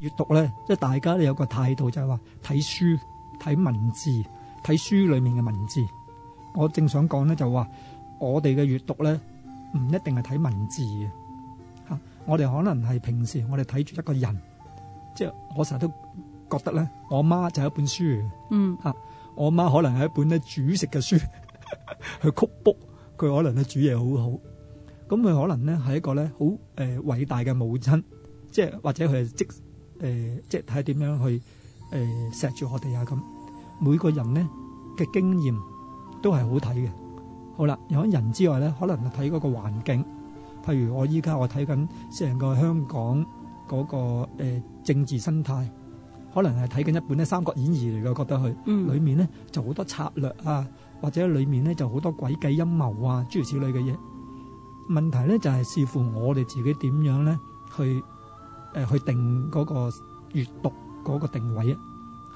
閱讀咧，即係大家都有個態度就，就係話睇書、睇文字、睇書裏面嘅文字。我正想講咧，就話我哋嘅閱讀咧，唔一定係睇文字嘅吓、啊。我哋可能係平時我哋睇住一個人，即係我成日都覺得咧，我媽就係一本書嚟嘅，嗯吓、啊，我媽可能係一本咧煮食嘅書，佢曲卜佢可能咧煮嘢好好，咁佢可能咧係一個咧好誒偉大嘅母親，即係或者佢係即。誒，即係睇點樣去誒錫住我哋啊！咁每個人咧嘅經驗都係好睇嘅。好啦，有人之外咧，可能睇嗰個環境。譬如我依家我睇緊成個香港嗰個誒政治生態，可能係睇緊一本咧《三國演義》嚟嘅，我覺得佢裏面咧就好多策略啊，或者裏面咧就好多詭計陰謀啊、諸如此類嘅嘢。問題咧就係視乎我哋自己點樣咧去。誒、呃，去定嗰個閱讀嗰個定位啊！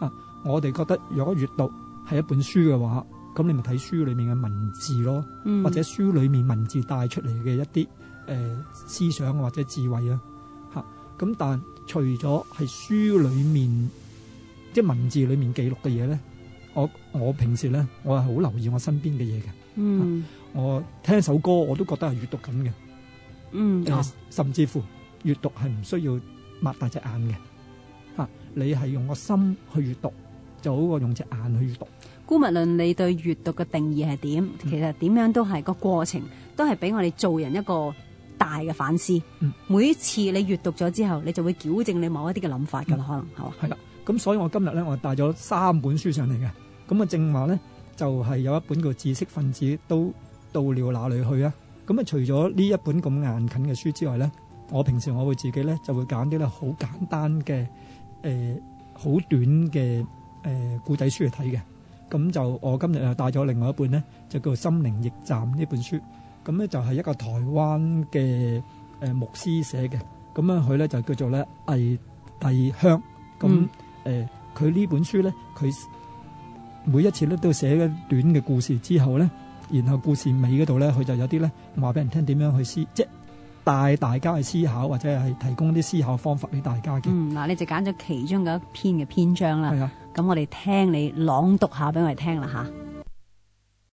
吓，我哋覺得如果閱讀係一本書嘅話，咁你咪睇書裏面嘅文字咯，嗯，或者書裏面文字帶出嚟嘅一啲誒、呃、思想或者智慧啊！吓、啊，咁但除咗係書裏面即係、就是、文字裏面記錄嘅嘢咧，我我平時咧我係好留意我身邊嘅嘢嘅，我聽首歌我都覺得係閱讀緊嘅，嗯呃，甚至乎。閱讀係唔需要擘大隻眼嘅。吓、啊，你係用個心去閱讀，就好過用隻眼去閱讀。姑勿論，你對閱讀嘅定義係點、嗯？其實點樣都係、那個過程，都係俾我哋做人一個大嘅反思、嗯。每一次你閱讀咗之後，你就會矯正你某一啲嘅諗法㗎、嗯，可能係嘛係啦。咁所以我今日咧，我帶咗三本書上嚟嘅。咁啊，正話咧就係、是、有一本叫《知識分子都到了哪裡去》啊。咁啊，除咗呢一本咁硬近嘅書之外咧。我平時我會自己咧就會揀啲咧好簡單嘅、誒好短嘅、誒故仔書嚟睇嘅，咁就我今日又帶咗另外一本咧，就叫《心靈驛站》呢本書，咁咧就係一個台灣嘅誒牧師寫嘅，咁咧佢咧就叫做咧魏悌香，咁誒佢呢本書咧佢每一次咧都寫一短嘅故事之後咧，然後故事尾嗰度咧佢就有啲咧話俾人聽點樣去思即。帶大家去思考，或者係提供啲思考方法俾大家嘅。嗯，嗱，你就揀咗其中嘅一篇嘅篇章啦。係啊，咁我哋聽你朗讀下俾我哋聽啦吓。